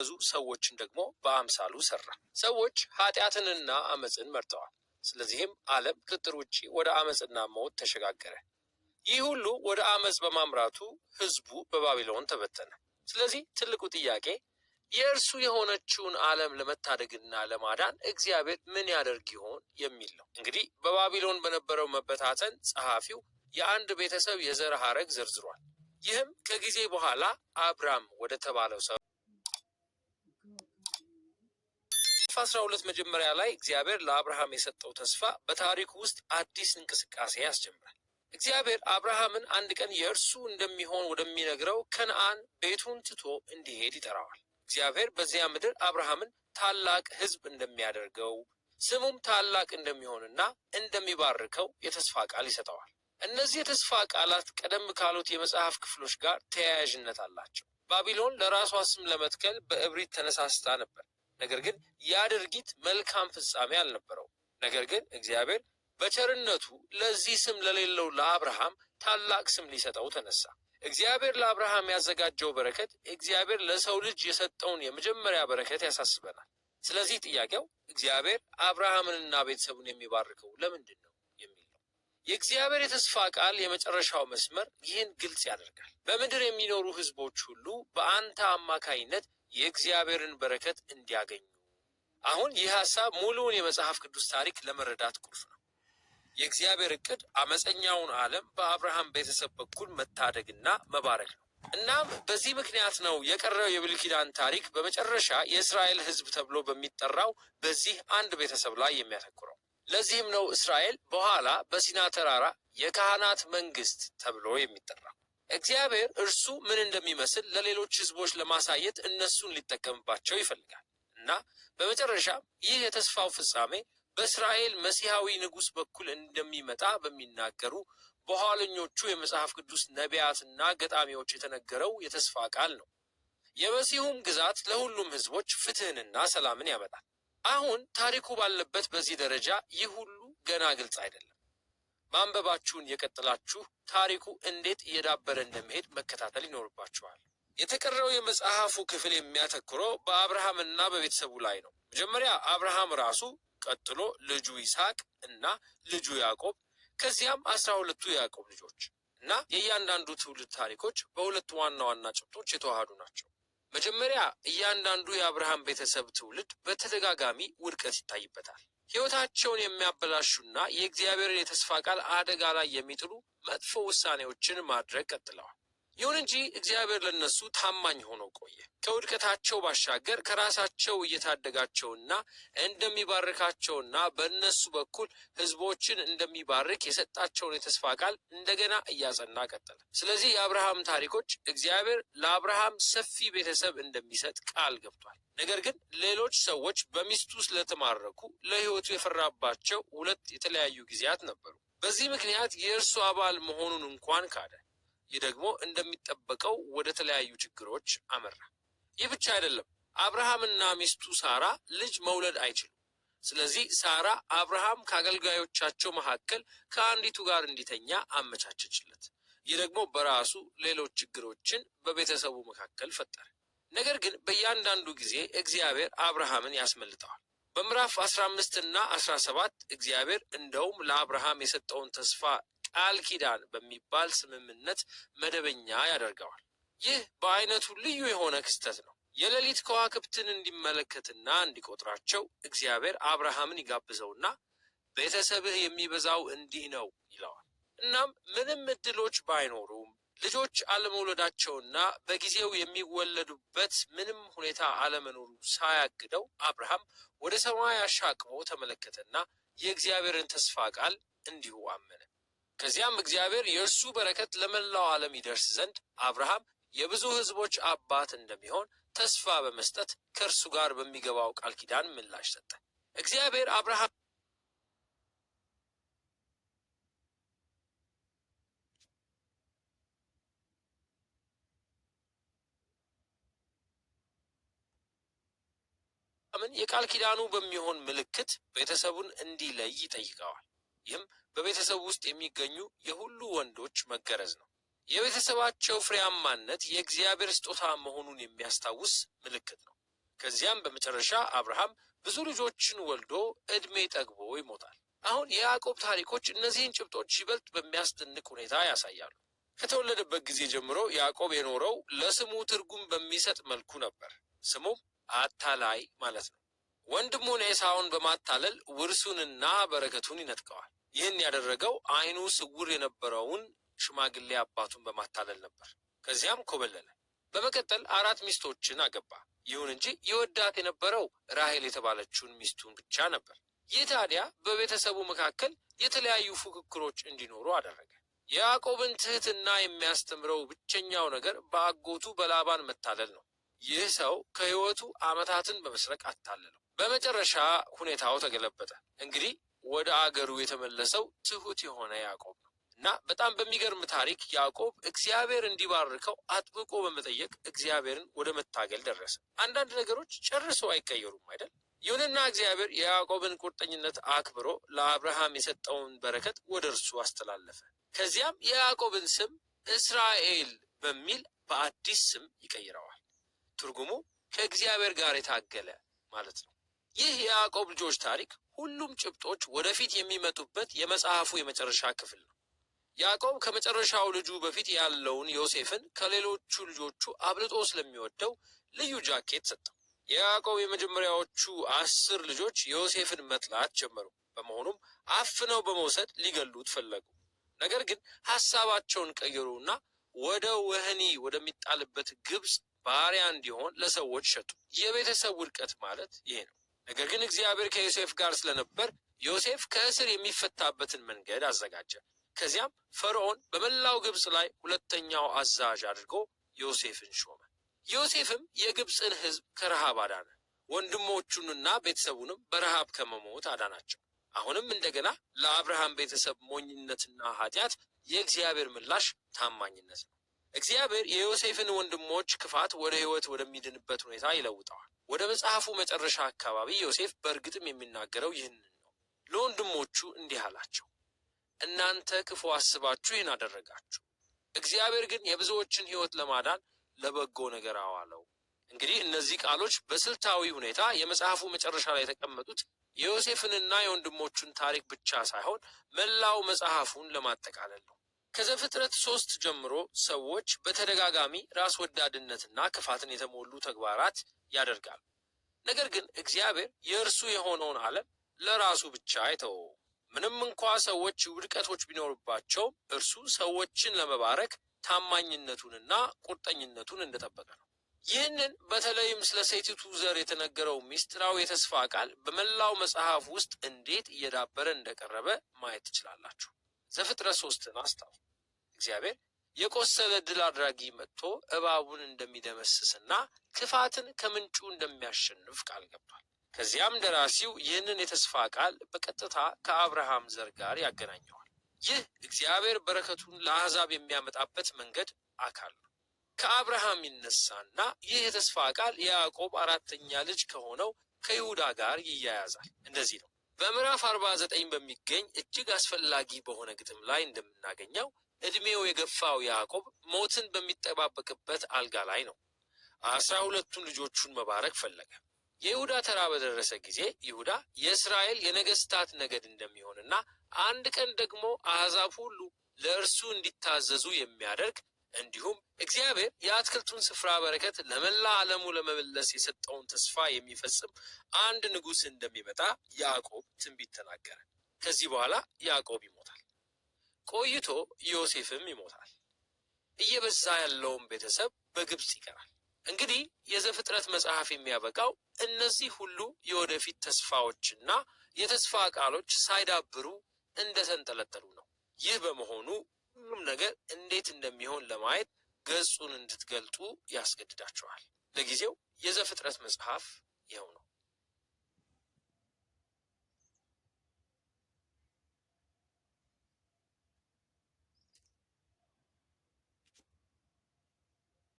ብዙ ሰዎችን ደግሞ በአምሳሉ ሰራ። ሰዎች ኃጢአትንና አመፅን መርጠዋል። ስለዚህም ዓለም ቅጥር ውጭ ወደ አመፅና ሞት ተሸጋገረ። ይህ ሁሉ ወደ አመፅ በማምራቱ ህዝቡ በባቢሎን ተበተነ። ስለዚህ ትልቁ ጥያቄ የእርሱ የሆነችውን ዓለም ለመታደግና ለማዳን እግዚአብሔር ምን ያደርግ ይሆን የሚል ነው። እንግዲህ በባቢሎን በነበረው መበታተን ጸሐፊው የአንድ ቤተሰብ የዘር ሐረግ ዘርዝሯል። ይህም ከጊዜ በኋላ አብራም ወደ ተባለው ሰው አስራ ሁለት መጀመሪያ ላይ እግዚአብሔር ለአብርሃም የሰጠው ተስፋ በታሪክ ውስጥ አዲስ እንቅስቃሴ ያስጀምራል። እግዚአብሔር አብርሃምን አንድ ቀን የእርሱ እንደሚሆን ወደሚነግረው ከነአን ቤቱን ትቶ እንዲሄድ ይጠራዋል። እግዚአብሔር በዚያ ምድር አብርሃምን ታላቅ ሕዝብ እንደሚያደርገው ስሙም ታላቅ እንደሚሆንና እንደሚባርከው የተስፋ ቃል ይሰጠዋል። እነዚህ የተስፋ ቃላት ቀደም ካሉት የመጽሐፍ ክፍሎች ጋር ተያያዥነት አላቸው። ባቢሎን ለራሷ ስም ለመትከል በእብሪት ተነሳስታ ነበር። ነገር ግን ያ ድርጊት መልካም ፍጻሜ አልነበረው። ነገር ግን እግዚአብሔር በቸርነቱ ለዚህ ስም ለሌለው ለአብርሃም ታላቅ ስም ሊሰጠው ተነሳ። እግዚአብሔር ለአብርሃም ያዘጋጀው በረከት እግዚአብሔር ለሰው ልጅ የሰጠውን የመጀመሪያ በረከት ያሳስበናል። ስለዚህ ጥያቄው እግዚአብሔር አብርሃምንና ቤተሰቡን የሚባርከው ለምንድን ነው የሚል ነው። የእግዚአብሔር የተስፋ ቃል የመጨረሻው መስመር ይህን ግልጽ ያደርጋል። በምድር የሚኖሩ ሕዝቦች ሁሉ በአንተ አማካይነት የእግዚአብሔርን በረከት እንዲያገኙ። አሁን ይህ ሀሳብ ሙሉውን የመጽሐፍ ቅዱስ ታሪክ ለመረዳት ቁልፍ ነው። የእግዚአብሔር እቅድ አመፀኛውን ዓለም በአብርሃም ቤተሰብ በኩል መታደግና መባረክ ነው። እናም በዚህ ምክንያት ነው የቀረው የብሉይ ኪዳን ታሪክ በመጨረሻ የእስራኤል ሕዝብ ተብሎ በሚጠራው በዚህ አንድ ቤተሰብ ላይ የሚያተኩረው። ለዚህም ነው እስራኤል በኋላ በሲና ተራራ የካህናት መንግስት ተብሎ የሚጠራው። እግዚአብሔር እርሱ ምን እንደሚመስል ለሌሎች ህዝቦች ለማሳየት እነሱን ሊጠቀምባቸው ይፈልጋል እና በመጨረሻም ይህ የተስፋው ፍጻሜ በእስራኤል መሲሐዊ ንጉሥ በኩል እንደሚመጣ በሚናገሩ በኋለኞቹ የመጽሐፍ ቅዱስ ነቢያትና ገጣሚዎች የተነገረው የተስፋ ቃል ነው። የመሲሁም ግዛት ለሁሉም ህዝቦች ፍትህንና ሰላምን ያመጣል። አሁን ታሪኩ ባለበት በዚህ ደረጃ ይህ ሁሉ ገና ግልጽ አይደለም። ማንበባችሁን የቀጥላችሁ ታሪኩ እንዴት እየዳበረ እንደመሄድ መከታተል ይኖርባችኋል። የተቀረው የመጽሐፉ ክፍል የሚያተኩረው በአብርሃምና በቤተሰቡ ላይ ነው። መጀመሪያ አብርሃም ራሱ፣ ቀጥሎ ልጁ ይስሐቅ እና ልጁ ያዕቆብ፣ ከዚያም አስራ ሁለቱ የያዕቆብ ልጆች እና የእያንዳንዱ ትውልድ ታሪኮች በሁለት ዋና ዋና ጭብጦች የተዋሃዱ ናቸው። መጀመሪያ እያንዳንዱ የአብርሃም ቤተሰብ ትውልድ በተደጋጋሚ ውድቀት ይታይበታል። ህይወታቸውን የሚያበላሹና የእግዚአብሔርን የተስፋ ቃል አደጋ ላይ የሚጥሉ መጥፎ ውሳኔዎችን ማድረግ ቀጥለዋል። ይሁን እንጂ እግዚአብሔር ለነሱ ታማኝ ሆኖ ቆየ። ከውድቀታቸው ባሻገር ከራሳቸው እየታደጋቸውና እንደሚባርካቸውና በእነሱ በኩል ሕዝቦችን እንደሚባርክ የሰጣቸውን የተስፋ ቃል እንደገና እያጸና ቀጠለ። ስለዚህ የአብርሃም ታሪኮች እግዚአብሔር ለአብርሃም ሰፊ ቤተሰብ እንደሚሰጥ ቃል ገብቷል። ነገር ግን ሌሎች ሰዎች በሚስቱ ስለተማረኩ ለሕይወቱ የፈራባቸው ሁለት የተለያዩ ጊዜያት ነበሩ። በዚህ ምክንያት የእርሱ አባል መሆኑን እንኳን ካደ። ይህ ደግሞ እንደሚጠበቀው ወደ ተለያዩ ችግሮች አመራ። ይህ ብቻ አይደለም። አብርሃምና ሚስቱ ሳራ ልጅ መውለድ አይችሉም። ስለዚህ ሳራ አብርሃም ከአገልጋዮቻቸው መካከል ከአንዲቱ ጋር እንዲተኛ አመቻቸችለት። ይህ ደግሞ በራሱ ሌሎች ችግሮችን በቤተሰቡ መካከል ፈጠረ። ነገር ግን በእያንዳንዱ ጊዜ እግዚአብሔር አብርሃምን ያስመልጠዋል። በምዕራፍ 15 እና 17 እግዚአብሔር እንደውም ለአብርሃም የሰጠውን ተስፋ ቃል ኪዳን በሚባል ስምምነት መደበኛ ያደርገዋል። ይህ በአይነቱ ልዩ የሆነ ክስተት ነው። የሌሊት ከዋክብትን እንዲመለከትና እንዲቆጥራቸው እግዚአብሔር አብርሃምን ይጋብዘውና ቤተሰብህ የሚበዛው እንዲህ ነው ይለዋል። እናም ምንም እድሎች ባይኖሩም ልጆች አለመውለዳቸውና በጊዜው የሚወለዱበት ምንም ሁኔታ አለመኖሩ ሳያግደው አብርሃም ወደ ሰማይ አሻቅቦ ተመለከተና የእግዚአብሔርን ተስፋ ቃል እንዲሁ አመነ። ከዚያም እግዚአብሔር የእርሱ በረከት ለመላው ዓለም ይደርስ ዘንድ አብርሃም የብዙ ሕዝቦች አባት እንደሚሆን ተስፋ በመስጠት ከእርሱ ጋር በሚገባው ቃል ኪዳን ምላሽ ሰጠ። እግዚአብሔር አብርሃም የቃል ኪዳኑ በሚሆን ምልክት ቤተሰቡን እንዲለይ ይጠይቀዋል። ይህም በቤተሰብ ውስጥ የሚገኙ የሁሉ ወንዶች መገረዝ ነው። የቤተሰባቸው ፍሬያማነት የእግዚአብሔር ስጦታ መሆኑን የሚያስታውስ ምልክት ነው። ከዚያም በመጨረሻ አብርሃም ብዙ ልጆችን ወልዶ ዕድሜ ጠግቦ ይሞታል። አሁን የያዕቆብ ታሪኮች እነዚህን ጭብጦች ይበልጥ በሚያስደንቅ ሁኔታ ያሳያሉ። ከተወለደበት ጊዜ ጀምሮ ያዕቆብ የኖረው ለስሙ ትርጉም በሚሰጥ መልኩ ነበር። ስሙም አታላይ ማለት ነው። ወንድሙን ኤሳውን በማታለል ውርሱንና በረከቱን ይነጥቀዋል። ይህን ያደረገው አይኑ ስውር የነበረውን ሽማግሌ አባቱን በማታለል ነበር። ከዚያም ኮበለለ። በመቀጠል አራት ሚስቶችን አገባ። ይሁን እንጂ የወዳት የነበረው ራሄል የተባለችውን ሚስቱን ብቻ ነበር። ይህ ታዲያ በቤተሰቡ መካከል የተለያዩ ፉክክሮች እንዲኖሩ አደረገ። የያዕቆብን ትህትና የሚያስተምረው ብቸኛው ነገር በአጎቱ በላባን መታለል ነው። ይህ ሰው ከሕይወቱ ዓመታትን በመስረቅ አታለለው። በመጨረሻ ሁኔታው ተገለበጠ። እንግዲህ ወደ አገሩ የተመለሰው ትሁት የሆነ ያዕቆብ ነው እና በጣም በሚገርም ታሪክ ያዕቆብ እግዚአብሔር እንዲባርከው አጥብቆ በመጠየቅ እግዚአብሔርን ወደ መታገል ደረሰ። አንዳንድ ነገሮች ጨርሶ አይቀየሩም አይደል? ይሁንና እግዚአብሔር የያዕቆብን ቁርጠኝነት አክብሮ ለአብርሃም የሰጠውን በረከት ወደ እርሱ አስተላለፈ። ከዚያም የያዕቆብን ስም እስራኤል በሚል በአዲስ ስም ይቀይረዋል። ትርጉሙ ከእግዚአብሔር ጋር የታገለ ማለት ነው። ይህ የያዕቆብ ልጆች ታሪክ ሁሉም ጭብጦች ወደፊት የሚመጡበት የመጽሐፉ የመጨረሻ ክፍል ነው። ያዕቆብ ከመጨረሻው ልጁ በፊት ያለውን ዮሴፍን ከሌሎቹ ልጆቹ አብልጦ ስለሚወደው ልዩ ጃኬት ሰጠው። የያዕቆብ የመጀመሪያዎቹ አስር ልጆች ዮሴፍን መጥላት ጀመሩ። በመሆኑም አፍነው በመውሰድ ሊገሉት ፈለጉ። ነገር ግን ሐሳባቸውን ቀየሩና ወደ ወህኒ ወደሚጣልበት ግብፅ ባሪያ እንዲሆን ለሰዎች ሸጡ። የቤተሰብ ውድቀት ማለት ይሄ ነው። ነገር ግን እግዚአብሔር ከዮሴፍ ጋር ስለነበር ዮሴፍ ከእስር የሚፈታበትን መንገድ አዘጋጀ። ከዚያም ፈርዖን በመላው ግብፅ ላይ ሁለተኛው አዛዥ አድርጎ ዮሴፍን ሾመ። ዮሴፍም የግብፅን ሕዝብ ከረሃብ አዳነ። ወንድሞቹንና ቤተሰቡንም በረሃብ ከመሞት አዳናቸው። አሁንም እንደገና ለአብርሃም ቤተሰብ ሞኝነትና ኃጢአት የእግዚአብሔር ምላሽ ታማኝነት ነው። እግዚአብሔር የዮሴፍን ወንድሞች ክፋት ወደ ሕይወት ወደሚድንበት ሁኔታ ይለውጠዋል። ወደ መጽሐፉ መጨረሻ አካባቢ ዮሴፍ በእርግጥም የሚናገረው ይህንን ነው። ለወንድሞቹ እንዲህ አላቸው፣ እናንተ ክፉ አስባችሁ ይህን አደረጋችሁ፣ እግዚአብሔር ግን የብዙዎችን ሕይወት ለማዳን ለበጎ ነገር አዋለው። እንግዲህ እነዚህ ቃሎች በስልታዊ ሁኔታ የመጽሐፉ መጨረሻ ላይ የተቀመጡት የዮሴፍንና የወንድሞቹን ታሪክ ብቻ ሳይሆን መላው መጽሐፉን ለማጠቃለል ነው። ከዘፍጥረት ሶስት ጀምሮ ሰዎች በተደጋጋሚ ራስ ወዳድነትና ክፋትን የተሞሉ ተግባራት ያደርጋሉ። ነገር ግን እግዚአብሔር የእርሱ የሆነውን ዓለም ለራሱ ብቻ አይተው። ምንም እንኳ ሰዎች ውድቀቶች ቢኖርባቸው እርሱ ሰዎችን ለመባረክ ታማኝነቱንና ቁርጠኝነቱን እንደጠበቀ ነው። ይህንን በተለይም ስለ ሴቲቱ ዘር የተነገረው ሚስጥራዊ የተስፋ ቃል በመላው መጽሐፍ ውስጥ እንዴት እየዳበረ እንደቀረበ ማየት ትችላላችሁ። ዘፍጥረት ሶስትን አስታው እግዚአብሔር የቆሰለ ድል አድራጊ መጥቶ እባቡን እንደሚደመስስና ክፋትን ከምንጩ እንደሚያሸንፍ ቃል ገባል። ከዚያም ደራሲው ይህንን የተስፋ ቃል በቀጥታ ከአብርሃም ዘር ጋር ያገናኘዋል። ይህ እግዚአብሔር በረከቱን ለአሕዛብ የሚያመጣበት መንገድ አካል ነው። ከአብርሃም ይነሳና ይህ የተስፋ ቃል የያዕቆብ አራተኛ ልጅ ከሆነው ከይሁዳ ጋር ይያያዛል። እንደዚህ ነው። በምዕራፍ 49 በሚገኝ እጅግ አስፈላጊ በሆነ ግጥም ላይ እንደምናገኘው እድሜው የገፋው ያዕቆብ ሞትን በሚጠባበቅበት አልጋ ላይ ነው። አስራ ሁለቱን ልጆቹን መባረክ ፈለገ። የይሁዳ ተራ በደረሰ ጊዜ ይሁዳ የእስራኤል የነገስታት ነገድ እንደሚሆንና አንድ ቀን ደግሞ አሕዛብ ሁሉ ለእርሱ እንዲታዘዙ የሚያደርግ እንዲሁም እግዚአብሔር የአትክልቱን ስፍራ በረከት ለመላ ዓለሙ ለመመለስ የሰጠውን ተስፋ የሚፈጽም አንድ ንጉሥ እንደሚመጣ ያዕቆብ ትንቢት ተናገረ። ከዚህ በኋላ ያዕቆብ ይሞታል። ቆይቶ ዮሴፍም ይሞታል። እየበዛ ያለውን ቤተሰብ በግብፅ ይቀራል። እንግዲህ የዘፍጥረት መጽሐፍ የሚያበቃው እነዚህ ሁሉ የወደፊት ተስፋዎችና የተስፋ ቃሎች ሳይዳብሩ እንደተንጠለጠሉ ነው። ይህ በመሆኑ ሁሉም ነገር እንዴት እንደሚሆን ለማየት ገጹን እንድትገልጡ ያስገድዳቸዋል። ለጊዜው የዘፍጥረት መጽሐፍ ይኸው ነው።